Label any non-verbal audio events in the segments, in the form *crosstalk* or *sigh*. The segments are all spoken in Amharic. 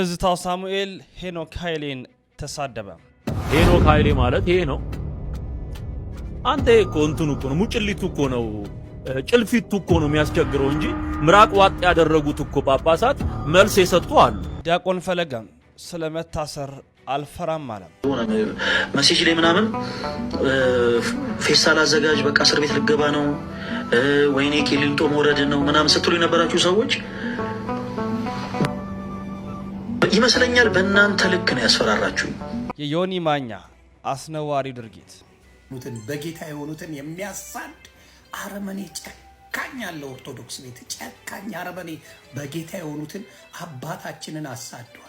ትዝታው ሳሙኤል ሄኖክ ኃይሌን ተሳደበ። ሄኖክ ኃይሌ ማለት ይሄ ነው። አንተ እኮ እንትኑ እኮ ነው፣ ሙጭሊቱ እኮ ነው፣ ጭልፊቱ እኮ ነው የሚያስቸግረው እንጂ ምራቅ ዋጥ ያደረጉት እኮ ጳጳሳት መልስ የሰጡ አሉ። ዲያቆን ፈለገ ስለመታሰር አልፈራም አለም። መሴጅ ላይ ምናምን ፌስታል አዘጋጅ በቃ እስር ቤት ልገባ ነው ወይኔ ቂሊንጦ መውረድ ነው ምናምን ስትሉ የነበራችሁ ሰዎች ይመስለኛል በእናንተ ልክ ነው ያስፈራራችሁ። የዮኒ ማኛ አስነዋሪ ድርጊት ትን በጌታ የሆኑትን የሚያሳድ አረመኔ ጨካኝ አለ። ኦርቶዶክስ ቤት ጨካኝ አረመኔ በጌታ የሆኑትን አባታችንን አሳደዋል።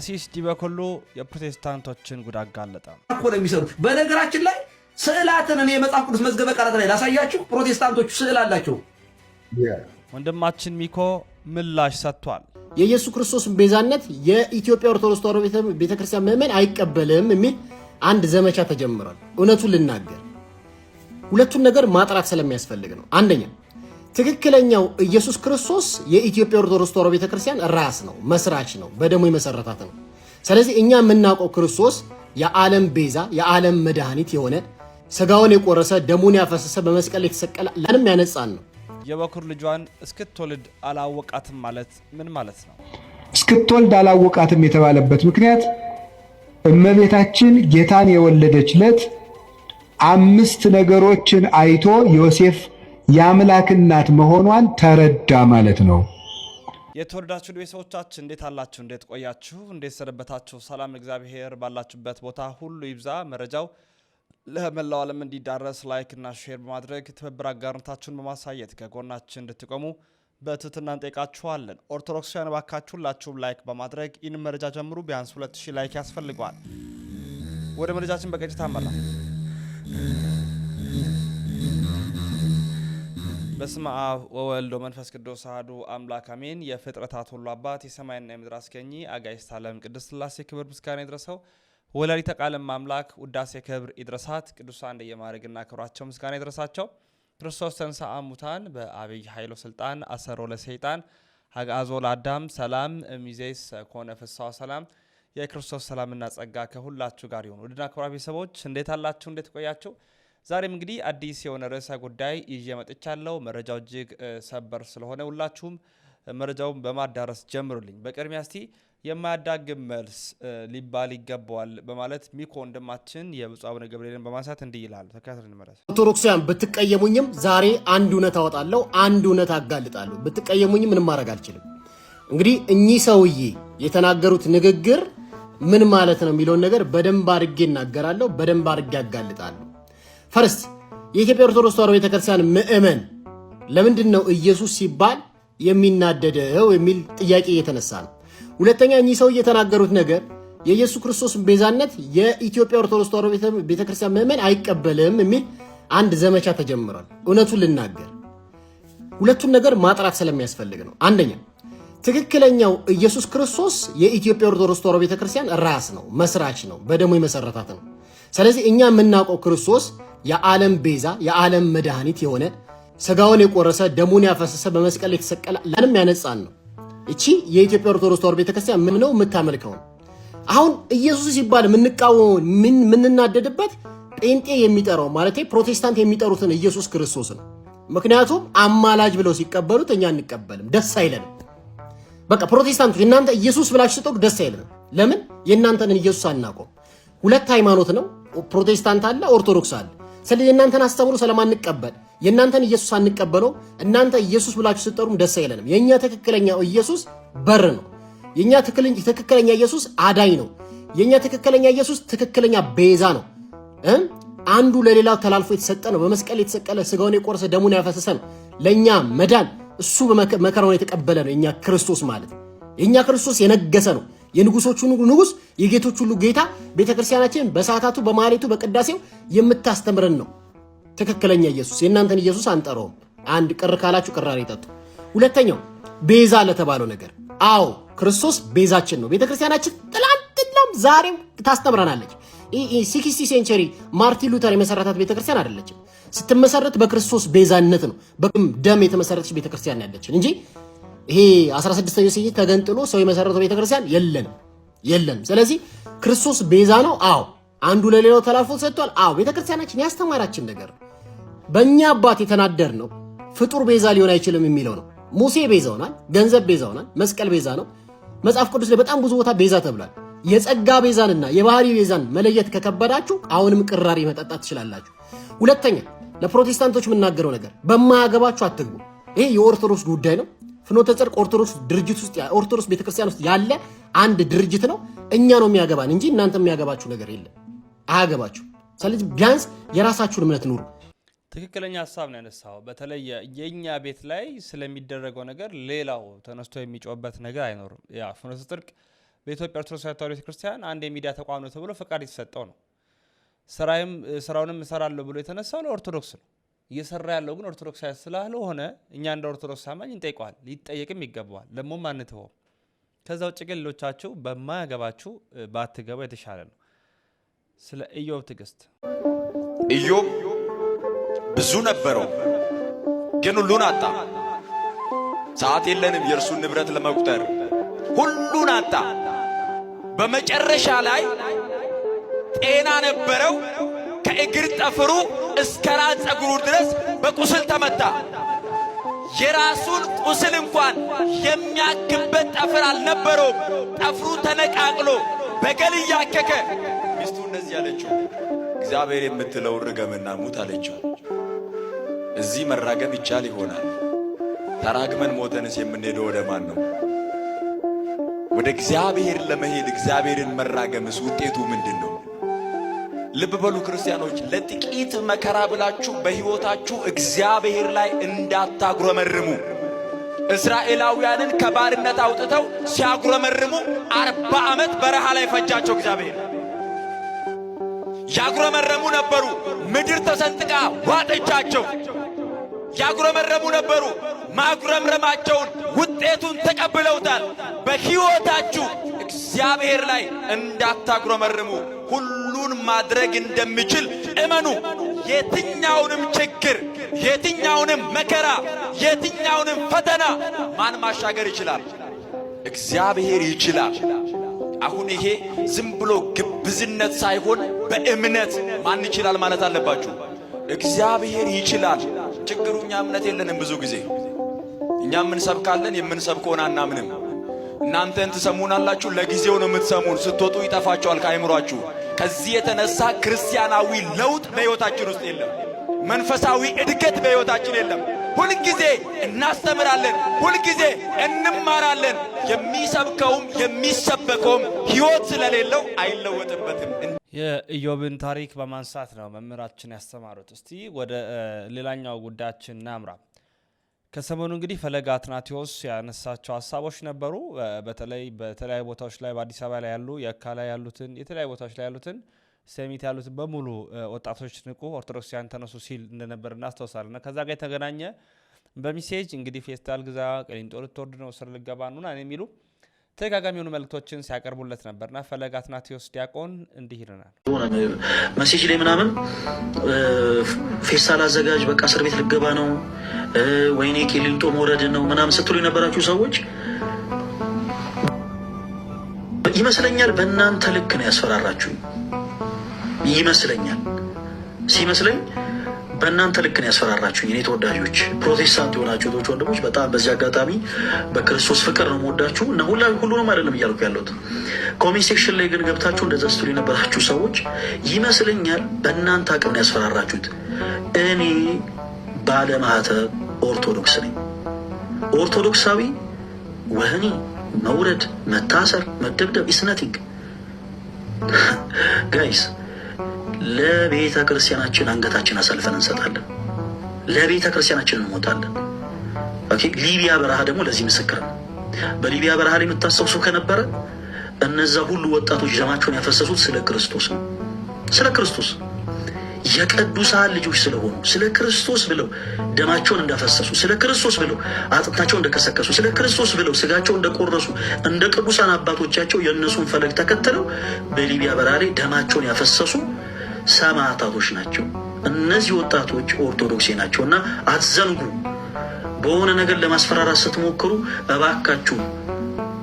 ቀሲስ ዲበኩሉ የፕሮቴስታንቶችን ጉድ አጋለጠ እኮ ነው የሚሰሩት። በነገራችን ላይ ስዕላትን እኔ የመጽሐፍ ቅዱስ መዝገበ ቃላት ላይ ላሳያችሁ። ፕሮቴስታንቶቹ ስዕል አላቸው። ወንድማችን ሚኮ ምላሽ ሰጥቷል። የኢየሱስ ክርስቶስ ቤዛነት የኢትዮጵያ ኦርቶዶክስ ተዋሕዶ ቤተክርስቲያን ምዕመን አይቀበልም የሚል አንድ ዘመቻ ተጀምሯል። እውነቱን ልናገር ሁለቱን ነገር ማጥራት ስለሚያስፈልግ ነው። አንደኛ ትክክለኛው ኢየሱስ ክርስቶስ የኢትዮጵያ ኦርቶዶክስ ተዋሕዶ ቤተክርስቲያን ራስ ነው፣ መስራች ነው፣ በደሙ የመሰረታት ነው። ስለዚህ እኛ የምናውቀው ክርስቶስ የዓለም ቤዛ የዓለም መድኃኒት የሆነ ስጋውን የቆረሰ ደሙን ያፈሰሰ በመስቀል የተሰቀለ ለንም ያነጻን ነው። የበኩር ልጇን እስክትወልድ አላወቃትም ማለት ምን ማለት ነው? እስክትወልድ አላወቃትም የተባለበት ምክንያት እመቤታችን ጌታን የወለደች ዕለት አምስት ነገሮችን አይቶ ዮሴፍ የአምላክ እናት መሆኗን ተረዳ ማለት ነው። የተወደዳችሁ ቤተሰቦቻችን እንዴት አላችሁ? እንዴት ቆያችሁ? እንዴት ሰነበታችሁ? ሰላም እግዚአብሔር ባላችሁበት ቦታ ሁሉ ይብዛ። መረጃው ለመላው ዓለም እንዲዳረስ ላይክ እና ሼር በማድረግ ትብብር አጋርነታችሁን በማሳየት ከጎናችን እንድትቆሙ በትህትና እንጠይቃችኋለን። ኦርቶዶክሳውያን ባካችሁ ሁላችሁም ላይክ በማድረግ ይህን መረጃ ጀምሩ። ቢያንስ 2000 ላይክ ያስፈልገዋል። ወደ መረጃችን በቀጥታ አመራ። በስመ አብ ወወልድ ወመንፈስ ቅዱስ አሐዱ አምላክ አሜን። የፍጥረታት ሁሉ አባት የሰማይና የምድር አስገኚ አጋዕዝተ ዓለም ቅድስት ሥላሴ ክብር ምስጋና ይድረሰው። ወላዲተ ቃለ አምላክ ውዳሴ ክብር ይድረሳት። ቅዱሳን እንደየማዕረጋቸውና ክብራቸው ምስጋና ይድረሳቸው። ክርስቶስ ተንሥአ እሙታን በአብይ ኃይሎ ስልጣን አሰሮ ለሰይጣን ሀግአዞ ለአዳም ሰላም እምይእዜሰ ኮነ ፍስሐ ሰላም። የክርስቶስ ሰላምና ጸጋ ከሁላችሁ ጋር ይሁን። ውድና ክብራ ቤተሰቦች እንዴት አላችሁ? እንዴት ቆያችሁ? ዛሬም እንግዲህ አዲስ የሆነ ርዕሰ ጉዳይ ይዤ መጥቻለሁ። መረጃው እጅግ ሰበር ስለሆነ ሁላችሁም መረጃውን በማዳረስ ጀምሩልኝ። በቅድሚያ እስቲ የማያዳግም መልስ ሊባል ይገባዋል በማለት ሚኮ ወንድማችን የብፁዕ አቡነ ገብርኤልን በማንሳት እንዲህ ይላል። ተከታተል መለስ ኦርቶዶክሳውያን ብትቀየሙኝም ዛሬ አንድ እውነት አወጣለሁ፣ አንድ እውነት አጋልጣለሁ። ብትቀየሙኝም ምንም ማድረግ አልችልም። እንግዲህ እኚህ ሰውዬ የተናገሩት ንግግር ምን ማለት ነው የሚለውን ነገር በደንብ አድርጌ እናገራለሁ፣ በደንብ አድርጌ አጋልጣለሁ። ፈርስት የኢትዮጵያ ኦርቶዶክስ ተዋሕዶ ቤተክርስቲያን ምእመን ለምንድን ነው ኢየሱስ ሲባል የሚናደደው የሚል ጥያቄ እየተነሳ ነው። ሁለተኛ እኚህ ሰው የተናገሩት ነገር የኢየሱስ ክርስቶስ ቤዛነት የኢትዮጵያ ኦርቶዶክስ ተዋሕዶ ቤተክርስቲያን ምዕመን አይቀበልም የሚል አንድ ዘመቻ ተጀምሯል። እውነቱን ልናገር ሁለቱን ነገር ማጥራት ስለሚያስፈልግ ነው። አንደኛ ትክክለኛው ኢየሱስ ክርስቶስ የኢትዮጵያ ኦርቶዶክስ ተዋሕዶ ቤተክርስቲያን ራስ ነው፣ መስራች ነው፣ በደሙ የመሰረታት ነው። ስለዚህ እኛ የምናውቀው ክርስቶስ የዓለም ቤዛ የዓለም መድኃኒት የሆነ ስጋውን የቆረሰ ደሙን ያፈሰሰ በመስቀል የተሰቀለ ለንም ያነጻን ነው። እቺ የኢትዮጵያ ኦርቶዶክስ ተዋሕዶ ቤተክርስቲያን ምን ነው የምታመልከው? አሁን ኢየሱስ ሲባል የምንቃወመው የምንናደድበት ጴንጤ የሚጠራው ማለት ፕሮቴስታንት የሚጠሩትን ኢየሱስ ክርስቶስ ነው። ምክንያቱም አማላጅ ብለው ሲቀበሉት እኛ አንቀበልም፣ ደስ አይለንም። በቃ ፕሮቴስታንቶች እናንተ ኢየሱስ ብላችሁ ስጠሩ ደስ አይለንም። ለምን የእናንተንን ኢየሱስ አናውቀውም። ሁለት ሃይማኖት ነው፣ ፕሮቴስታንት አለ፣ ኦርቶዶክስ አለ። ስለዚህ የእናንተን አስተምሮ ስለማንቀበል የእናንተን ኢየሱስ አንቀበለው። እናንተ ኢየሱስ ብላችሁ ስጠሩም ደስ አይለንም። የእኛ ትክክለኛው ኢየሱስ በር ነው። የእኛ ትክክለኛ ኢየሱስ አዳኝ ነው። የእኛ ትክክለኛ ኢየሱስ ትክክለኛ ቤዛ ነው። አንዱ ለሌላው ተላልፎ የተሰጠ ነው። በመስቀል የተሰቀለ ስጋውን የቆረሰ ደሙን ያፈሰሰ ነው። ለእኛ መዳን እሱ በመከራውን የተቀበለ ነው። የእኛ ክርስቶስ ማለት የእኛ ክርስቶስ የነገሰ ነው። የንጉሶቹ ንጉስ የጌቶች ሁሉ ጌታ ቤተክርስቲያናችን በሰዓታቱ በማሌቱ በቅዳሴው የምታስተምረን ነው። ትክክለኛ ኢየሱስ የእናንተን ኢየሱስ አንጠረውም። አንድ ቅር ካላችሁ ቅራሪ ጠጡ። ሁለተኛው ቤዛ ለተባለው ነገር አዎ ክርስቶስ ቤዛችን ነው። ቤተክርስቲያናችን ትላንትናም ዛሬም ታስተምረናለች። ሲክስቲ ሴንቸሪ ማርቲን ሉተር የመሰረታት ቤተክርስቲያን አይደለችም። ስትመሰረት በክርስቶስ ቤዛነት ነው ደም የተመሰረተች ቤተክርስቲያን ያለችን እንጂ ይሄ 16ኛው ሴ ተገንጥሎ ሰው የመሰረተው ቤተክርስቲያን የለንም የለንም። ስለዚህ ክርስቶስ ቤዛ ነው። አዎ አንዱ ለሌላው ተላልፎ ሰጥቷል። አዎ ቤተክርስቲያናችን ያስተማራችን ነገር በእኛ አባት የተናደር ነው ፍጡር ቤዛ ሊሆን አይችልም የሚለው ነው። ሙሴ ቤዛ ሆናል፣ ገንዘብ ቤዛ ሆናል፣ መስቀል ቤዛ ነው። መጽሐፍ ቅዱስ ላይ በጣም ብዙ ቦታ ቤዛ ተብሏል። የጸጋ ቤዛንና የባህሪ ቤዛን መለየት ከከበዳችሁ አሁንም ቅራሪ መጠጣት ትችላላችሁ። ሁለተኛ ለፕሮቴስታንቶች የምናገረው ነገር በማያገባችሁ አትግቡ። ይሄ የኦርቶዶክስ ጉዳይ ነው። ፍኖተ ጽድቅ ኦርቶዶክስ ድርጅት ውስጥ ኦርቶዶክስ ቤተክርስቲያን ውስጥ ያለ አንድ ድርጅት ነው። እኛ ነው የሚያገባን እንጂ እናንተ የሚያገባችሁ ነገር የለም። አያገባችሁ። ስለዚህ ቢያንስ የራሳችሁን እምነት ኑሩ። ትክክለኛ ሀሳብ ነው ያነሳው። በተለይ የእኛ ቤት ላይ ስለሚደረገው ነገር ሌላው ተነስቶ የሚጮበት ነገር አይኖርም። ያ ፍኖተ ጽድቅ በኢትዮጵያ ኦርቶዶክስ ተዋሕዶ ቤተክርስቲያን አንድ የሚዲያ ተቋም ነው ተብሎ ፈቃድ የተሰጠው ነው። ስራውንም እሰራለሁ ብሎ የተነሳው ለኦርቶዶክስ ነው። እየሰራ ያለው ግን ኦርቶዶክስ ያ ስላልሆነ እኛ እንደ ኦርቶዶክስ አማኝ እንጠይቀዋል፣ ሊጠየቅም ይገባዋል። ደግሞም አንተውም። ከዛ ውጭ ግን ሌሎቻችሁ በማያገባችሁ ባትገባ የተሻለ ነው። ስለ ኢዮብ ትዕግስት ኢዮብ ብዙ ነበረው፣ ግን ሁሉን አጣ። ሰዓት የለንም የእርሱን ንብረት ለመቁጠር። ሁሉን አጣ። በመጨረሻ ላይ ጤና ነበረው፣ ከእግር ጠፍሩ እስከ ራስ ጸጉሩ ድረስ በቁስል ተመታ። የራሱን ቁስል እንኳን የሚያክበት ጠፍር አልነበረውም። ጠፍሩ ተነቃቅሎ በገል እያከከ ሚስቱ እንደዚህ አለችው፣ እግዚአብሔር የምትለው ርገምና ሙት አለችው። እዚህ መራገም ይቻል ይሆናል። ተራግመን ሞተንስ የምንሄደው ወደ ማን ነው? ወደ እግዚአብሔር ለመሄድ እግዚአብሔርን መራገምስ ውጤቱ ምንድን ነው? ልብ በሉ ክርስቲያኖች፣ ለጥቂት መከራ ብላችሁ በሕይወታችሁ እግዚአብሔር ላይ እንዳታጉረመርሙ። እስራኤላውያንን ከባርነት አውጥተው ሲያጉረመርሙ አርባ ዓመት በረሃ ላይ ፈጃቸው እግዚአብሔር። ያጉረመረሙ ነበሩ። ምድር ተሰንጥቃ ዋጠቻቸው። ያጉረመረሙ ነበሩ። ማጉረምረማቸውን ውጤቱን ተቀብለውታል። በሕይወታችሁ እግዚአብሔር ላይ እንዳታጉረመርሙ። ሁሉን ማድረግ እንደሚችል እመኑ። የትኛውንም ችግር፣ የትኛውንም መከራ፣ የትኛውንም ፈተና ማን ማሻገር ይችላል? እግዚአብሔር ይችላል። አሁን ይሄ ዝም ብሎ ግብዝነት ሳይሆን በእምነት ማን ይችላል ማለት አለባችሁ። እግዚአብሔር ይችላል። ችግሩ እኛ እምነት የለንም። ብዙ ጊዜ እኛ የምንሰብካለን፣ የምንሰብከውን አናምንም። እናንተን ትሰሙናላችሁ፣ ለጊዜው ነው የምትሰሙን። ስትወጡ ይጠፋችኋል ከአይምሯችሁ። ከዚህ የተነሳ ክርስቲያናዊ ለውጥ በሕይወታችን ውስጥ የለም። መንፈሳዊ እድገት በሕይወታችን የለም። ሁልጊዜ እናስተምራለን፣ ሁልጊዜ እንማራለን። የሚሰብከውም የሚሰበከውም ሕይወት ስለሌለው አይለወጥበትም። የኢዮብን ታሪክ በማንሳት ነው መምህራችን ያስተማሩት። እስቲ ወደ ሌላኛው ጉዳያችን እናምራ። ከሰሞኑ እንግዲህ ፈለገ አትናቴዎስ ያነሳቸው ሀሳቦች ነበሩ። በተለይ በተለያዩ ቦታዎች ላይ በአዲስ አበባ ላይ ያሉ የካ ላይ ያሉትን የተለያዩ ቦታዎች ላይ ያሉትን ሴሚት ያሉትን በሙሉ ወጣቶች ንቁ፣ ኦርቶዶክሲያን ተነሱ ሲል እንደነበር እናስታውሳለን። ከዛ ጋር የተገናኘ በሚሴጅ እንግዲህ ፌስታል ግዛ፣ ቄሊንጦ ልትወርድ ነው፣ ስር ልገባ ነውና የሚሉ ተደጋጋሚ የሆኑ መልእክቶችን ሲያቀርቡለት ነበርና ፈለገ አትናቴዎስ ዲያቆን እንዲህ ይለናል። መሴጅ ላይ ምናምን ፌስታል አዘጋጅ በቃ እስር ቤት ልገባ ነው፣ ወይኔ ቂሊንጦ መውረድ ነው ምናምን ስትሉ የነበራችሁ ሰዎች ይመስለኛል በእናንተ ልክ ነው ያስፈራራችሁ ይመስለኛል ሲመስለኝ በእናንተ ልክ ነው ያስፈራራችሁኝ። እኔ ተወዳጆች ፕሮቴስታንት የሆናችሁ ቶች ወንድሞች በጣም በዚህ አጋጣሚ በክርስቶስ ፍቅር ነው መወዳችሁ እና ሁላ ሁሉንም አይደለም እያልኩ ያለሁት። ኮሜንት ሴክሽን ላይ ግን ገብታችሁ እንደዛ ስትሉ የነበራችሁ ሰዎች ይመስለኛል በእናንተ አቅም ነው ያስፈራራችሁት። እኔ ባለማህተብ ኦርቶዶክስ ነኝ። ኦርቶዶክሳዊ ወህኒ፣ መውረድ፣ መታሰር፣ መደብደብ ኢስነቲንግ ጋይስ *laughs* ለቤተ ክርስቲያናችን አንገታችን አሳልፈን እንሰጣለን። ለቤተ ክርስቲያናችን እንሞታለን። ሊቢያ በረሃ ደግሞ ለዚህ ምስክር ነው። በሊቢያ በረሃ ላይ የምታስታውሱ ከነበረ እነዛ ሁሉ ወጣቶች ደማቸውን ያፈሰሱት ስለ ክርስቶስ ነው። ስለ ክርስቶስ የቅዱሳን ልጆች ስለሆኑ ስለ ክርስቶስ ብለው ደማቸውን እንዳፈሰሱ፣ ስለ ክርስቶስ ብለው አጥንታቸው እንደከሰከሱ፣ ስለ ክርስቶስ ብለው ስጋቸው እንደቆረሱ እንደ ቅዱሳን አባቶቻቸው የእነሱን ፈለግ ተከትለው በሊቢያ በረሃ ላይ ደማቸውን ያፈሰሱ ሰማዕታቶች ናቸው። እነዚህ ወጣቶች ኦርቶዶክሴ ናቸው እና አትዘንጉ። በሆነ ነገር ለማስፈራራት ስትሞክሩ እባካችሁ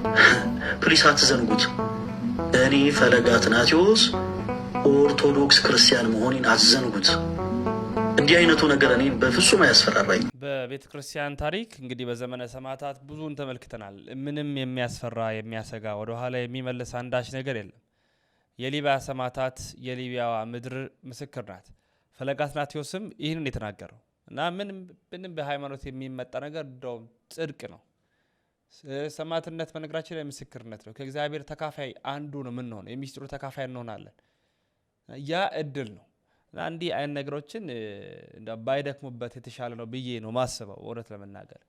*laughs* ፕሊስ አትዘንጉት። እኔ ፈለገ አትናቴዎስ ኦርቶዶክስ ክርስቲያን መሆኔን አትዘንጉት። እንዲህ አይነቱ ነገር እኔ በፍጹም አያስፈራራኝ። በቤተ ክርስቲያን ታሪክ እንግዲህ በዘመነ ሰማዕታት ብዙውን ተመልክተናል። ምንም የሚያስፈራ የሚያሰጋ፣ ወደኋላ የሚመልስ አንዳች ነገር የለም። የሊቢያ ሰማዕታት የሊቢያዋ ምድር ምስክር ናት። ፈለገ አትናቴዎስም ይህንን የተናገረው እና ምንም በሃይማኖት የሚመጣ ነገር እንደውም ጽድቅ ነው። ሰማዕትነት በነገራችን ላይ ምስክርነት ነው። ከእግዚአብሔር ተካፋይ አንዱ ነው የምንሆነው፣ የሚስጥሩ ተካፋይ እንሆናለን። ያ እድል ነው እና እንዲህ አይነት ነገሮችን ባይደክሙበት የተሻለ ነው ብዬ ነው ማስበው እውነት ለመናገር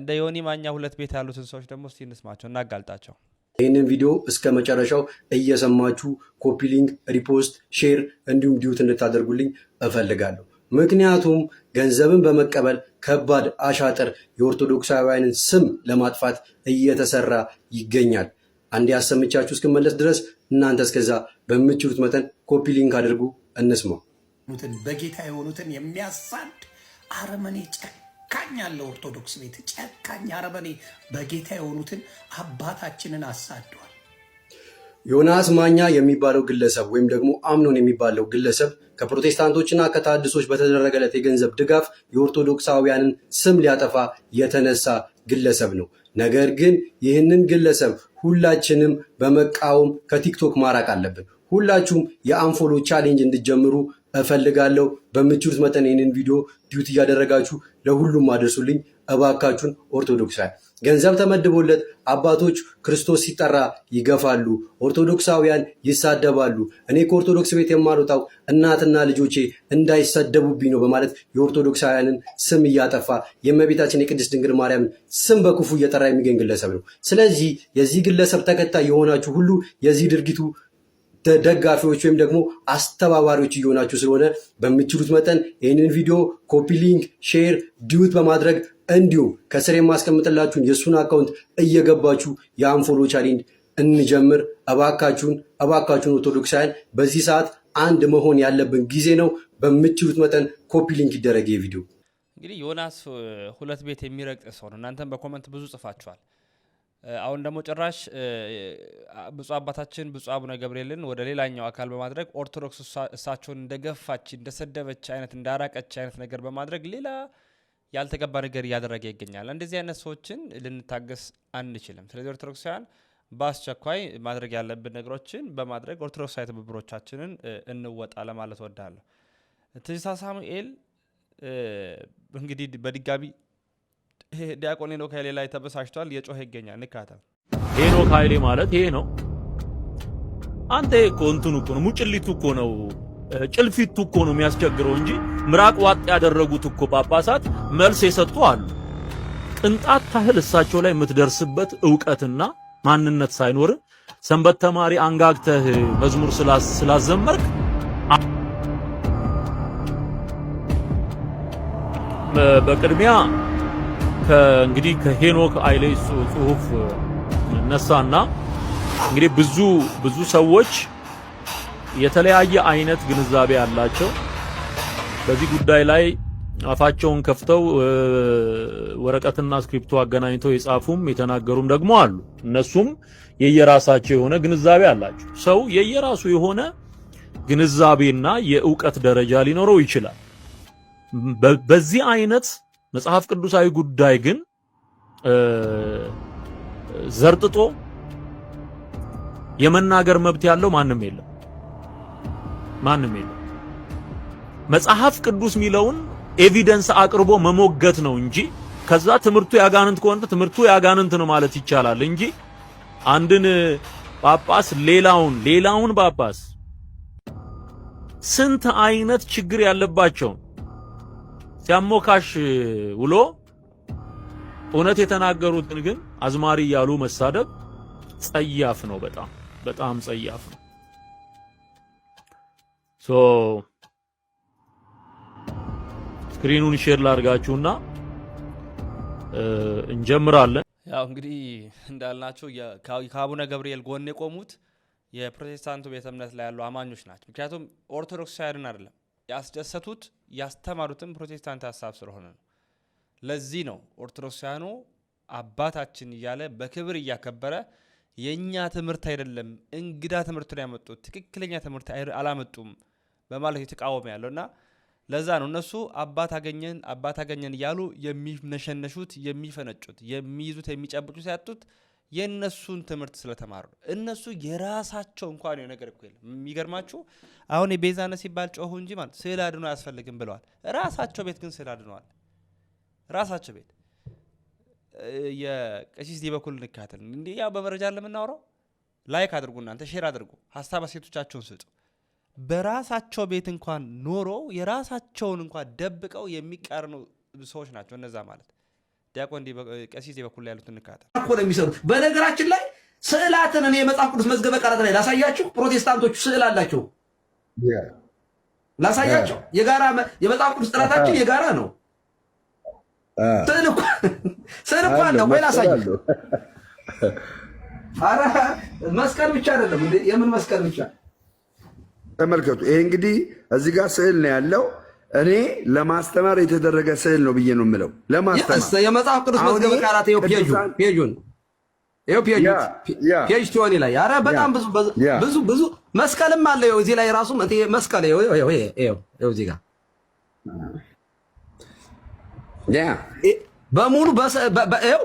እንደ ዮኒ ማኛ ሁለት ቤት ያሉትን ሰዎች ደግሞ እስቲ እንስማቸው፣ እናጋልጣቸው። ይህንን ቪዲዮ እስከ መጨረሻው እየሰማችሁ ኮፒ ሊንክ፣ ሪፖስት፣ ሼር እንዲሁም ዲዩት እንድታደርጉልኝ እፈልጋለሁ። ምክንያቱም ገንዘብን በመቀበል ከባድ አሻጥር የኦርቶዶክሳውያንን ስም ለማጥፋት እየተሰራ ይገኛል። አንዴ አሰምቻችሁ እስክመለስ ድረስ እናንተ እስከዛ በምችሉት መጠን ኮፒ ሊንክ አድርጉ። እንስማ። በጌታ የሆኑትን የሚያሳድ አረመኔ ጨካኝ ጨካኝ ያለ ኦርቶዶክስ ቤት ጨካኝ አረመኔ በጌታ የሆኑትን አባታችንን አሳደዋል። ዮናስ ማኛ የሚባለው ግለሰብ ወይም ደግሞ አምኖን የሚባለው ግለሰብ ከፕሮቴስታንቶችና ከታድሶች በተደረገለት የገንዘብ ድጋፍ የኦርቶዶክሳውያንን ስም ሊያጠፋ የተነሳ ግለሰብ ነው። ነገር ግን ይህንን ግለሰብ ሁላችንም በመቃወም ከቲክቶክ ማራቅ አለብን። ሁላችሁም የአንፎሎ ቻሌንጅ እንድጀምሩ እፈልጋለሁ። በምችሉት መጠን ይህንን ቪዲዮ ዲዩት እያደረጋችሁ ለሁሉም አድርሱልኝ እባካችሁን። ኦርቶዶክሳውያን ገንዘብ ተመድቦለት አባቶች ክርስቶስ ሲጠራ ይገፋሉ፣ ኦርቶዶክሳውያን ይሳደባሉ። እኔ ከኦርቶዶክስ ቤት የማልወጣው እናትና ልጆቼ እንዳይሳደቡብኝ ነው በማለት የኦርቶዶክሳውያንን ስም እያጠፋ የእመቤታችን የቅድስት ድንግል ማርያምን ስም በክፉ እየጠራ የሚገኝ ግለሰብ ነው። ስለዚህ የዚህ ግለሰብ ተከታይ የሆናችሁ ሁሉ የዚህ ድርጊቱ ደጋፊዎች ወይም ደግሞ አስተባባሪዎች እየሆናችሁ ስለሆነ በምችሉት መጠን ይህንን ቪዲዮ ኮፒ፣ ሊንክ፣ ሼር፣ ዲዩት በማድረግ እንዲሁም ከስር የማስቀምጥላችሁን የእሱን አካውንት እየገባችሁ የአንፎሎ ቻሌንጅ እንጀምር። እባካችሁን እባካችሁን ኦርቶዶክሳውያን በዚህ ሰዓት አንድ መሆን ያለብን ጊዜ ነው። በምትችሉት መጠን ኮፒ ሊንክ ይደረግ የቪዲዮ እንግዲህ ዮናስ ሁለት ቤት የሚረግጥ ሰው ነው። እናንተም በኮመንት ብዙ ጽፋችኋል። አሁን ደግሞ ጭራሽ ብፁ አባታችን ብፁ አቡነ ገብርኤልን ወደ ሌላኛው አካል በማድረግ ኦርቶዶክስ እሳቸውን እንደገፋች እንደሰደበች አይነት እንዳራቀች አይነት ነገር በማድረግ ሌላ ያልተገባ ነገር እያደረገ ይገኛል። እንደዚህ አይነት ሰዎችን ልንታገስ አንችልም። ስለዚህ ኦርቶዶክሳውያን በአስቸኳይ ማድረግ ያለብን ነገሮችን በማድረግ ኦርቶዶክሳዊ ትብብሮቻችንን እንወጣ ለማለት ወዳለሁ። ትዝታ ሳሙኤል እንግዲህ በድጋሚ ይሄ ዲያቆን ሄኖክ ኃይሌ ላይ ተበሳጭቷል፣ የጮኸ ይገኛል። ንካተል ሄኖክ ኃይሌ ማለት ይሄ ነው። አንተ እኮ እንትኑ እኮ ነው፣ ሙጭሊቱ እኮ ነው፣ ጭልፊቱ እኮ ነው የሚያስቸግረው እንጂ ምራቅ ዋጥ ያደረጉት እኮ ጳጳሳት መልስ የሰጡ አሉ። ቅንጣት ታህል እሳቸው ላይ የምትደርስበት እውቀትና ማንነት ሳይኖር ሰንበት ተማሪ አንጋግተህ መዝሙር ስላዘመርክ በቅድሚያ እንግዲህ ከሄኖክ አይሌ ጽሁፍ ነሳና እንግዲህ ብዙ ብዙ ሰዎች የተለያየ አይነት ግንዛቤ አላቸው። በዚህ ጉዳይ ላይ አፋቸውን ከፍተው ወረቀትና ስክሪፕቶ አገናኝተው የጻፉም የተናገሩም ደግሞ አሉ። እነሱም የየራሳቸው የሆነ ግንዛቤ አላቸው። ሰው የየራሱ የሆነ ግንዛቤና የእውቀት ደረጃ ሊኖረው ይችላል። በዚህ አይነት መጽሐፍ ቅዱሳዊ ጉዳይ ግን ዘርጥጦ የመናገር መብት ያለው ማንም የለም፣ ማንም የለም። መጽሐፍ ቅዱስ የሚለውን ኤቪደንስ አቅርቦ መሞገት ነው እንጂ ከዛ ትምህርቱ ያጋንንት ከሆነ ትምህርቱ ያጋንንት ነው ማለት ይቻላል እንጂ አንድን ጳጳስ ሌላውን ሌላውን ጳጳስ ስንት አይነት ችግር ያለባቸውን ሲያሞካሽ ውሎ እውነት የተናገሩትን ግን አዝማሪ እያሉ መሳደብ ጸያፍ ነው። በጣም በጣም ጸያፍ ነው። ሶ ስክሪኑን ሼር ላድርጋችሁና እንጀምራለን። ያው እንግዲህ እንዳልናቸው ከአቡነ ገብርኤል ጎን የቆሙት የፕሮቴስታንቱ ቤተ እምነት ላይ ያሉ አማኞች ናቸው። ምክንያቱም ኦርቶዶክሳውያንን አይደለም ያስደሰቱት ያስተማሩትም ፕሮቴስታንት ሀሳብ ስለሆነ ነው። ለዚህ ነው ኦርቶዶክሳኑ አባታችን እያለ በክብር እያከበረ የእኛ ትምህርት አይደለም እንግዳ ትምህርት ነው ያመጡት፣ ትክክለኛ ትምህርት አላመጡም በማለት የተቃወመ ያለው እና ለዛ ነው እነሱ አባት አገኘን አባት አገኘን እያሉ የሚነሸነሹት፣ የሚፈነጩት፣ የሚይዙት፣ የሚጨብጡት ያጡት የእነሱን ትምህርት ስለተማሩ እነሱ የራሳቸው እንኳን ነገር እኮ የለም። የሚገርማችሁ አሁን የቤዛነት ሲባል ጮሁ እንጂ ማለት ስዕል አድኖ አያስፈልግም ብለዋል። ራሳቸው ቤት ግን ስዕል አድነዋል። ራሳቸው ቤት የቀሲስ በኩል እንካተል እንዲህ ያው በመረጃ ለምናውረው ላይክ አድርጉ፣ እናንተ ሼር አድርጉ፣ ሀሳብ አሴቶቻቸውን ስጡ። በራሳቸው ቤት እንኳን ኖሮ የራሳቸውን እንኳን ደብቀው የሚቀርኑ ሰዎች ናቸው እነዛ ማለት ዲያቆን ቀሲስ በኩል ላይ ያሉትን እንካተል እኮ ነው የሚሰሩት። በነገራችን ላይ ስዕላትን እኔ የመጽሐፍ ቅዱስ መዝገበ ቃላት ላይ ላሳያችሁ። ፕሮቴስታንቶቹ ስዕል አላቸው፣ ላሳያቸው። የጋራ የመጽሐፍ ቅዱስ ጥራታችን የጋራ ነው። ስዕል እኮ አለ ወይ? ላሳያችሁ። ኧረ መስቀል ብቻ አይደለም። የምን መስቀል ብቻ? ተመልከቱ። ይሄ እንግዲህ እዚህ ጋር ስዕል ነው ያለው እኔ ለማስተማር የተደረገ ስዕል ነው ብዬ ነው የምለው። ለማስተማር የመጽሐፍ ቅዱስ መዝገበ ቃላት ፔጁን ፔጅ ትሆን ላይ ኧረ በጣም ብዙ ብዙ መስቀልም አለ። እዚህ ላይ ራሱ መስቀል እዚህ ጋር በሙሉ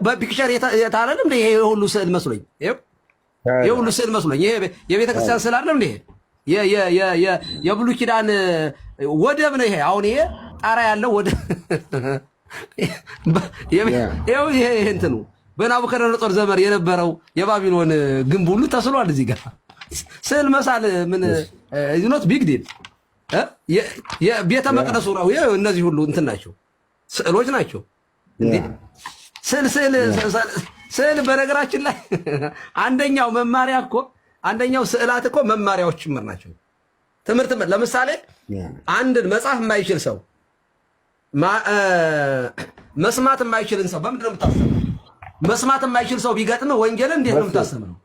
በፒክቸር የታለል እንደ ይሄ ሁሉ ስዕል መስሎኝ ይሄ ሁሉ ስዕል መስሎኝ ይሄ የቤተክርስቲያን ስዕል አለ እንደ ይሄ የብሉይ ኪዳን ወደብ ነው ይሄ። አሁን ይሄ ጣራ ያለው ወደ *laughs* ይሄ እንትኑ በናቡከደነጾር ዘመን የነበረው የባቢሎን ግንብ ሁሉ ተስሏል። እዚህ ጋር ስዕል መሳል ምን ኖት ቢግ ዲል ቤተ መቅደሱ ነው። እነዚህ ሁሉ እንትን ናቸው፣ ስዕሎች ናቸው። ስዕል ስዕል ስዕል በነገራችን ላይ *laughs* አንደኛው መማሪያ እኮ አንደኛው ስዕላት እኮ መማሪያዎች ጭምር ናቸው። ትምህርት ለምሳሌ አንድን መጽሐፍ የማይችል ሰው መስማት የማይችልን ሰው በምንድን ነው የምታሰምነው? መስማት የማይችል ሰው ቢገጥም ወንጌልን እንዴት ነው የምታሰምነው?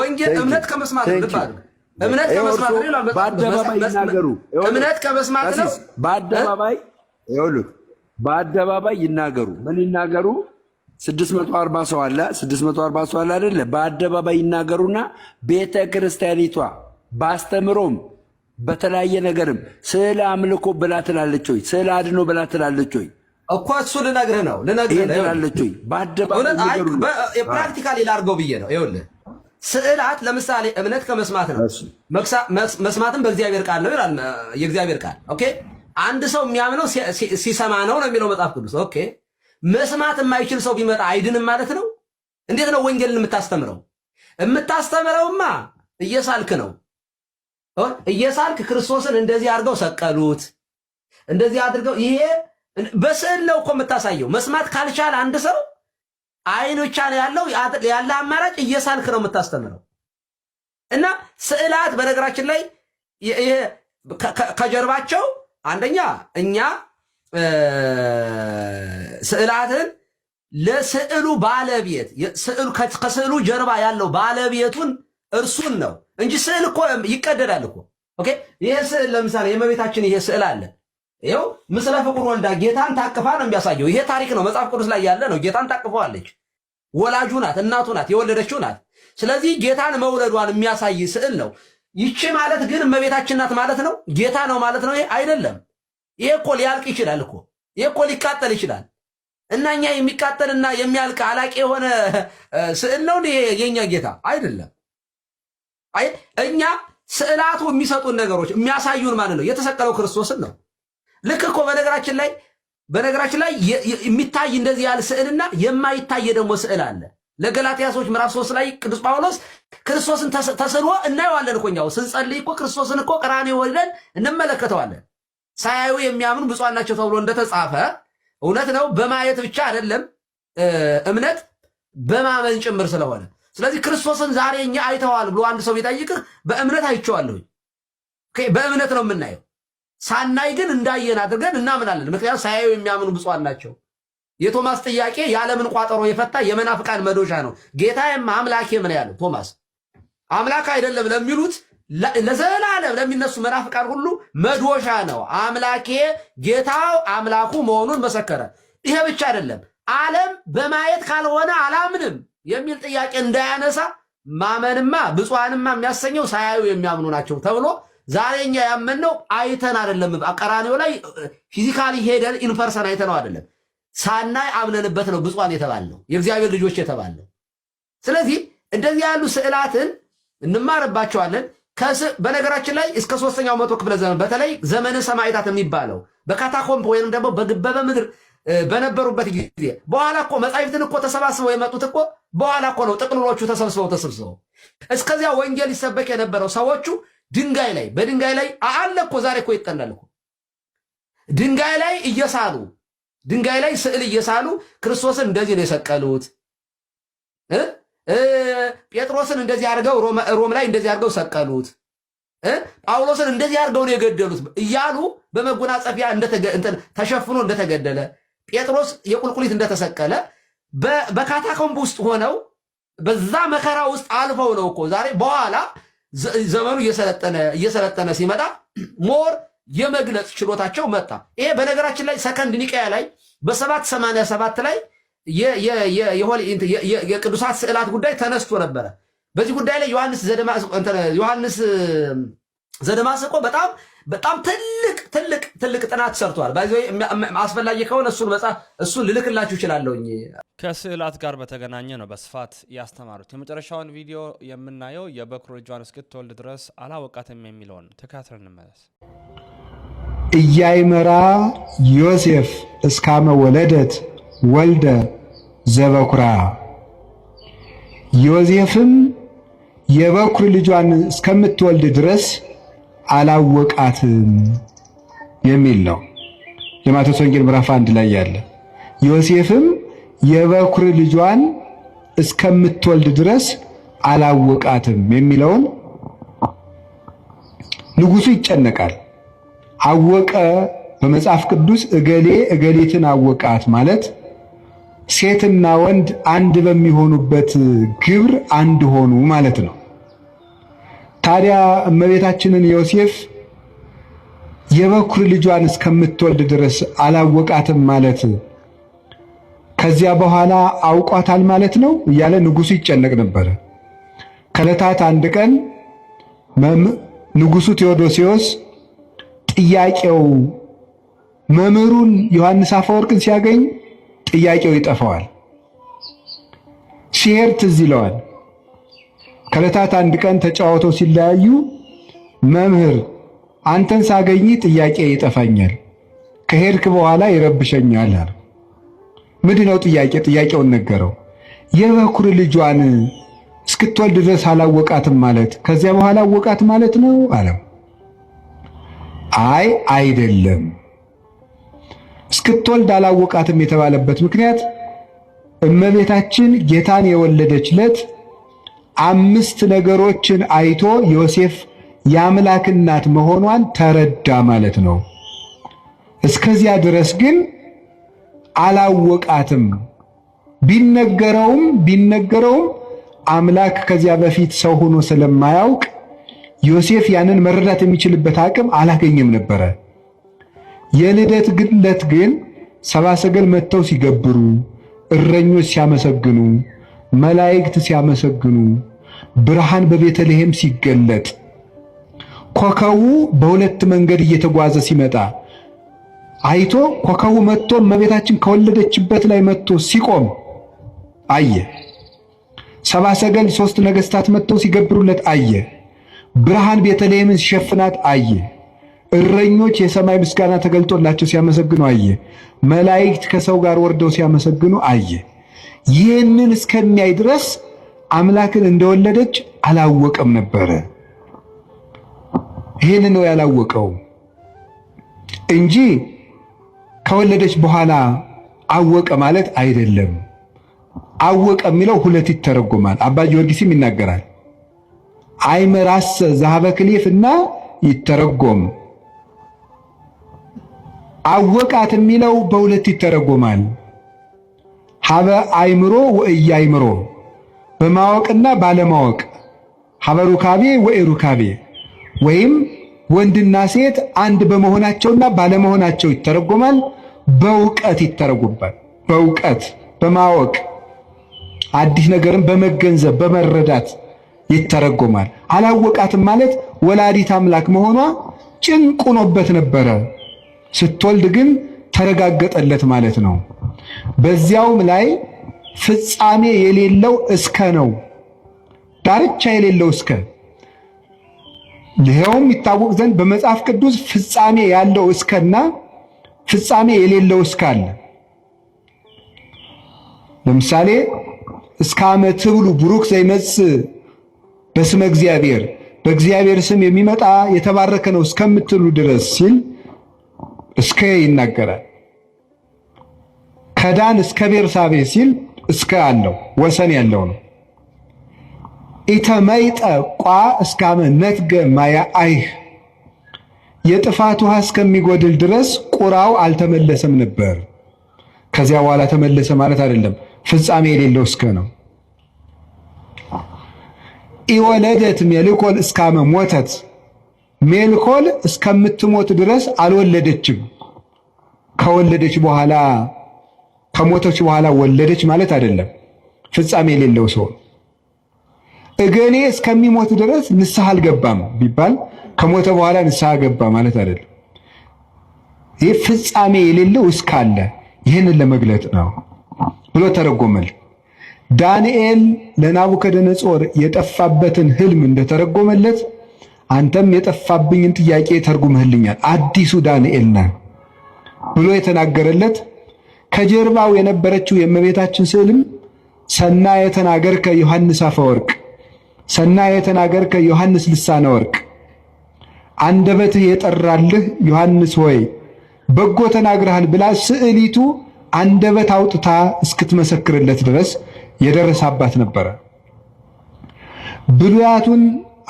ወንጌል እምነት ከመስማት ልባል እምነት ከመስማት ነው። በአደባባይ ይናገሩ። እምነት ከመስማት ነው። በአደባባይ ይናገሩ። ምን ይናገሩ? 640 ሰው አለ 640 ሰው አለ አይደለ? በአደባባይ ይናገሩና ቤተ ክርስቲያኒቷ በአስተምሮም በተለያየ ነገርም ስዕል አምልኮ ብላ ትላለች ወይ ስዕል አድኖ ብላ ትላለች ወይ? እኮ እሱ ልነግርህ ነው ልነግርህ ትላለች ወይ? በአደባባይ ፕራክቲካሊ ላድርገው ብዬ ነው። ይኸውልህ ስዕላት ለምሳሌ እምነት ከመስማት ነው። መስማትም በእግዚአብሔር ቃል ነው ይላል የእግዚአብሔር ቃል። ኦኬ አንድ ሰው የሚያምነው ሲሰማ ነው ነው የሚለው መጽሐፍ ቅዱስ ኦኬ መስማት የማይችል ሰው ቢመጣ አይድንም ማለት ነው? እንዴት ነው ወንጌልን የምታስተምረው? የምታስተምረውማ እየሳልክ ነው። እየሳልክ ክርስቶስን እንደዚህ አድርገው ሰቀሉት፣ እንደዚህ አድርገው ይሄ በስዕል ነው እኮ የምታሳየው። መስማት ካልቻለ አንድ ሰው አይን ብቻ ነው ያለው ያለ አማራጭ እየሳልክ ነው የምታስተምረው። እና ስዕላት በነገራችን ላይ ከጀርባቸው አንደኛ እኛ ስዕላትን ለስዕሉ ባለቤት ከስዕሉ ጀርባ ያለው ባለቤቱን እርሱን ነው እንጂ ስዕል እኮ ይቀደዳል እኮ። ኦኬ ይሄ ስዕል ለምሳሌ የመቤታችን ይሄ ስዕል አለ። ይኸው ምስለ ፍቁር ወልዳ ጌታን ታቅፋ ነው የሚያሳየው። ይሄ ታሪክ ነው፣ መጽሐፍ ቅዱስ ላይ ያለ ነው። ጌታን ታቅፈዋለች። ወላጁ ናት፣ እናቱ ናት፣ የወለደችው ናት። ስለዚህ ጌታን መውለዷን የሚያሳይ ስዕል ነው። ይቺ ማለት ግን እመቤታችን ናት ማለት ነው። ጌታ ነው ማለት ነው። ይሄ አይደለም። ይሄ እኮ ሊያልቅ ይችላል እኮ ይሄ እኮ ሊቃጠል ይችላል። እና እኛ የሚቃጠልና የሚያልቅ አላቂ የሆነ ስዕል ነው የኛ ጌታ አይደለም። አይ እኛ ስዕላቱ የሚሰጡን ነገሮች የሚያሳዩን ማለት ነው የተሰቀለው ክርስቶስን ነው። ልክ እኮ በነገራችን ላይ በነገራችን ላይ የሚታይ እንደዚህ ያለ ስዕልና የማይታይ ደግሞ ስዕል አለ። ለገላትያ ሰዎች ምዕራፍ ሶስት ላይ ቅዱስ ጳውሎስ ክርስቶስን ተስሎ እናየዋለን እኮ እኛው ስንጸልይ እኮ ክርስቶስን እኮ ቀራኔ ወልደን እንመለከተዋለን። ሳያዩ የሚያምኑ ብፁዓን ናቸው ተብሎ እንደተጻፈ እውነት ነው። በማየት ብቻ አይደለም እምነት በማመን ጭምር ስለሆነ ስለዚህ ክርስቶስን ዛሬ እኛ አይተዋል ብሎ አንድ ሰው ቢጠይቅህ በእምነት አይቼዋለሁኝ። በእምነት ነው የምናየው። ሳናይ ግን እንዳየን አድርገን እናምናለን። ምክንያቱም ሳያዩ የሚያምኑ ብፁዓን ናቸው። የቶማስ ጥያቄ የዓለምን ቋጠሮ የፈታ የመናፍቃን መዶሻ ነው። ጌታዬም አምላኬም ነው ያለው ቶማስ። አምላክ አይደለም ለሚሉት ለዘላለም ለሚነሱ መናፍቃን ሁሉ መዶሻ ነው። አምላኬ ጌታው አምላኩ መሆኑን መሰከረ። ይሄ ብቻ አይደለም፣ ዓለም በማየት ካልሆነ አላምንም የሚል ጥያቄ እንዳያነሳ ማመንማ ብፁዓንማ የሚያሰኘው ሳያዩ የሚያምኑ ናቸው ተብሎ ዛሬ እኛ ያመንነው አይተን አይደለም። ቀራንዮ ላይ ፊዚካሊ ሄደን ኢንፐርሰን አይተነው አይደለም፣ ሳናይ አምነንበት ነው ብፁዓን የተባልነው የእግዚአብሔር ልጆች የተባልነው። ስለዚህ እንደዚህ ያሉ ስዕላትን እንማርባቸዋለን። በነገራችን ላይ እስከ ሶስተኛው መቶ ክፍለ ዘመን በተለይ ዘመነ ሰማዕታት የሚባለው በካታኮምፕ ወይም ደግሞ በግበበ ምድር በነበሩበት ጊዜ በኋላ እኮ መጻሕፍትን እኮ ተሰባስበው የመጡት እኮ በኋላ እኮ ነው ጥቅልሎቹ ተሰብስበው ተሰብስበው። እስከዚያ ወንጌል ይሰበክ የነበረው ሰዎቹ ድንጋይ ላይ በድንጋይ ላይ አለ እኮ ዛሬ እኮ ይጠናል እኮ ድንጋይ ላይ እየሳሉ ድንጋይ ላይ ስዕል እየሳሉ ክርስቶስን እንደዚህ ነው የሰቀሉት። ጴጥሮስን እንደዚህ አድርገው ሮም ላይ እንደዚህ አድርገው ሰቀሉት፣ ጳውሎስን እንደዚህ አድርገው ነው የገደሉት እያሉ በመጎናጸፊያ ተሸፍኖ እንደተገደለ ጴጥሮስ የቁልቁሊት እንደተሰቀለ በካታኮምብ ውስጥ ሆነው በዛ መከራ ውስጥ አልፈው ነው እኮ ዛሬ በኋላ ዘመኑ እየሰለጠነ ሲመጣ ሞር የመግለጽ ችሎታቸው መጣ። ይሄ በነገራችን ላይ ሰከንድ ኒቀያ ላይ በሰባት ሰማንያ ሰባት ላይ የቅዱሳት ስዕላት ጉዳይ ተነስቶ ነበረ። በዚህ ጉዳይ ላይ ዮሐንስ ዘደማስቆ በጣም በጣም ትልቅ ትልቅ ትልቅ ጥናት ሰርቷል። አስፈላጊ ከሆነ እሱን መጽሐፍ እሱን ልልክላችሁ እችላለሁኝ። ከስዕላት ጋር በተገናኘ ነው በስፋት ያስተማሩት። የመጨረሻውን ቪዲዮ የምናየው የበኩር ልጇን እስክትወልድ ድረስ አላወቃትም የሚለውን ተካትረን እንመለስ። እያይመራ ዮሴፍ እስካመወለደት ወልደ ዘበኩራ ዮሴፍም የበኩር ልጇን እስከምትወልድ ድረስ አላወቃትም የሚል ነው። የማቴዎስ ወንጌል ምዕራፍ አንድ ላይ ያለ ዮሴፍም የበኩር ልጇን እስከምትወልድ ድረስ አላወቃትም የሚለውን ንጉሱ ይጨነቃል። አወቀ በመጽሐፍ ቅዱስ እገሌ እገሊትን አወቃት ማለት ሴትና ወንድ አንድ በሚሆኑበት ግብር አንድ ሆኑ ማለት ነው። ታዲያ እመቤታችንን ዮሴፍ የበኩር ልጇን እስከምትወልድ ድረስ አላወቃትም ማለት ከዚያ በኋላ አውቋታል ማለት ነው እያለ ንጉሱ ይጨነቅ ነበረ። ከዕለታት አንድ ቀን ንጉሱ ቴዎዶሲዎስ ጥያቄው መምህሩን ዮሐንስ አፈወርቅን ሲያገኝ ጥያቄው ይጠፋዋል። ሲሄድ ትዝ ይለዋል። ከዕለታት አንድ ቀን ተጫውተው ሲለያዩ መምህር አንተን ሳገኝ ጥያቄ ይጠፋኛል፣ ከሄድክ በኋላ ይረብሸኛል አለ። ምንድነው ጥያቄ? ጥያቄውን ነገረው። የበኩር ልጇን እስክትወልድ ድረስ አላወቃትም ማለት ከዚያ በኋላ አወቃት ማለት ነው አለው። አይ አይደለም እስክትወልድ አላወቃትም የተባለበት ምክንያት እመቤታችን ጌታን የወለደች ዕለት አምስት ነገሮችን አይቶ ዮሴፍ የአምላክ እናት መሆኗን ተረዳ ማለት ነው። እስከዚያ ድረስ ግን አላወቃትም። ቢነገረውም ቢነገረውም አምላክ ከዚያ በፊት ሰው ሆኖ ስለማያውቅ ዮሴፍ ያንን መረዳት የሚችልበት አቅም አላገኘም ነበረ። የልደት ግለት ግን ሰባሰገል መጥተው ሲገብሩ፣ እረኞች ሲያመሰግኑ፣ መላእክት ሲያመሰግኑ፣ ብርሃን በቤተልሔም ሲገለጥ፣ ኮከቡ በሁለት መንገድ እየተጓዘ ሲመጣ አይቶ ኮከቡ መጥቶ እመቤታችን ከወለደችበት ላይ መጥቶ ሲቆም አየ። ሰባሰገል ሶስት ነገስታት መጥተው ሲገብሩለት አየ። ብርሃን ቤተልሔምን ሲሸፍናት አየ። እረኞች የሰማይ ምስጋና ተገልጦላቸው ሲያመሰግኑ አየ። መላእክት ከሰው ጋር ወርደው ሲያመሰግኑ አየ። ይህንን እስከሚያይ ድረስ አምላክን እንደወለደች አላወቀም ነበረ። ይህን ነው ያላወቀው እንጂ ከወለደች በኋላ አወቀ ማለት አይደለም። አወቀ የሚለው ሁለት ይተረጎማል። አባ ጊዮርጊስም ይናገራል። አይመራሰ ዛሀበ ክሌፍ እና ይተረጎም አወቃት የሚለው በሁለት ይተረጎማል። ሀበ አይምሮ ወእየ አይምሮ በማወቅና ባለማወቅ ሀበ ሩካቤ ወኢ ሩካቤ ወይም ወንድና ሴት አንድ በመሆናቸውና ባለመሆናቸው ይተረጎማል። በእውቀት ይተረጎማል። በእውቀት በማወቅ አዲስ ነገርን በመገንዘብ በመረዳት ይተረጎማል። አላወቃትም ማለት ወላዲት አምላክ መሆኗ ጭንቁኖበት ነበረ። ስትወልድ ግን ተረጋገጠለት ማለት ነው። በዚያውም ላይ ፍጻሜ የሌለው እስከ ነው፣ ዳርቻ የሌለው እስከ ይኸውም ይታወቅ ዘንድ በመጽሐፍ ቅዱስ ፍጻሜ ያለው እስከና ፍጻሜ የሌለው እስከ አለ። ለምሳሌ እስከ ዓመት ብሉ ብሩክ ዘይመጽ በስመ እግዚአብሔር፣ በእግዚአብሔር ስም የሚመጣ የተባረከ ነው እስከምትሉ ድረስ ሲል እስከ ይናገራል። ከዳን እስከ ቤርሳቤ ሲል እስከ አለው ወሰን ያለው ነው። ኢተመይጠ ቋ እስካመ ነትገ ማያ አይህ የጥፋት ውሃ እስከሚጎድል ድረስ ቁራው አልተመለሰም ነበር። ከዚያ በኋላ ተመለሰ ማለት አይደለም፣ ፍጻሜ የሌለው እስከ ነው። ኢወለደት ሜልኮል እስካመ ሞተት ሜልኮል እስከምትሞት ድረስ አልወለደችም። ከወለደች በኋላ ከሞተች በኋላ ወለደች ማለት አይደለም። ፍጻሜ የሌለው ሰው እገኔ እስከሚሞት ድረስ ንስሐ አልገባም ቢባል ከሞተ በኋላ ንስሐ ገባ ማለት አይደለም። ይህ ፍጻሜ የሌለው እስካለ ይህንን ለመግለጥ ነው ብሎ ተረጎመል። ዳንኤል ለናቡከደነጾር የጠፋበትን ህልም እንደተረጎመለት አንተም የጠፋብኝን ጥያቄ ተርጉምህልኛል አዲሱ ዳንኤል ነህ ብሎ የተናገረለት ከጀርባው የነበረችው የእመቤታችን ስዕልም ሰና የተናገር ከዮሐንስ አፈወርቅ፣ ሰና የተናገር ከዮሐንስ ልሳነ ወርቅ፣ አንደበትህ የጠራልህ ዮሐንስ ሆይ በጎ ተናግረሃል ብላ ስዕሊቱ አንደበት አውጥታ እስክትመሰክርለት ድረስ የደረሰ አባት ነበረ። ብሉያቱን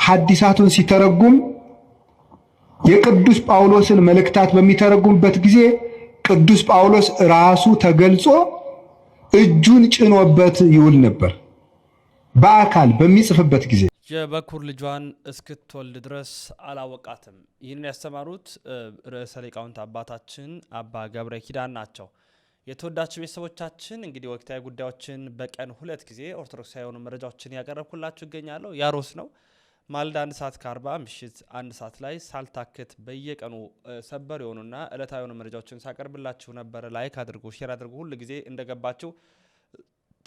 ሐዲሳቱን ሲተረጉም የቅዱስ ጳውሎስን መልእክታት በሚተረጉምበት ጊዜ ቅዱስ ጳውሎስ ራሱ ተገልጾ እጁን ጭኖበት ይውል ነበር። በአካል በሚጽፍበት ጊዜ የበኩር ልጇን እስክትወልድ ድረስ አላወቃትም። ይህንን ያስተማሩት ርዕሰ ሊቃውንት አባታችን አባ ገብረ ኪዳን ናቸው። የተወዳችሁ ቤተሰቦቻችን እንግዲህ ወቅታዊ ጉዳዮችን በቀን ሁለት ጊዜ ኦርቶዶክሳዊ የሆኑ መረጃዎችን ያቀረብኩላችሁ ይገኛለሁ። ያሮስ ነው። ማልዳ አንድ ሰዓት ከአርባ ምሽት አንድ ሰዓት ላይ ሳልታክት በየቀኑ ሰበር የሆኑና እለታዊ የሆኑ መረጃዎችን ሳቀርብላችሁ ነበረ። ላይክ አድርጉ፣ ሼር አድርጉ። ሁል ጊዜ እንደገባችሁ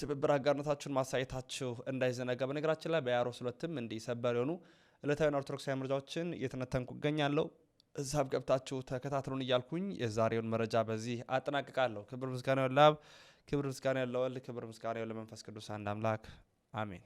ትብብር አጋርነታችሁን ማሳየታችሁ እንዳይዘነጋ። በነገራችን ላይ በያሮስ ሁለትም እንዲህ ሰበር የሆኑ እለታዊን ኦርቶዶክሳዊ መረጃዎችን እየተነተንኩ እገኛለሁ። እዛብ ገብታችሁ ተከታትሉን እያልኩኝ የዛሬውን መረጃ በዚህ አጠናቅቃለሁ። ክብር ምስጋና ለአብ፣ ክብር ምስጋና ለወልድ፣ ክብር ምስጋና ለመንፈስ ቅዱስ አንድ አምላክ አሜን።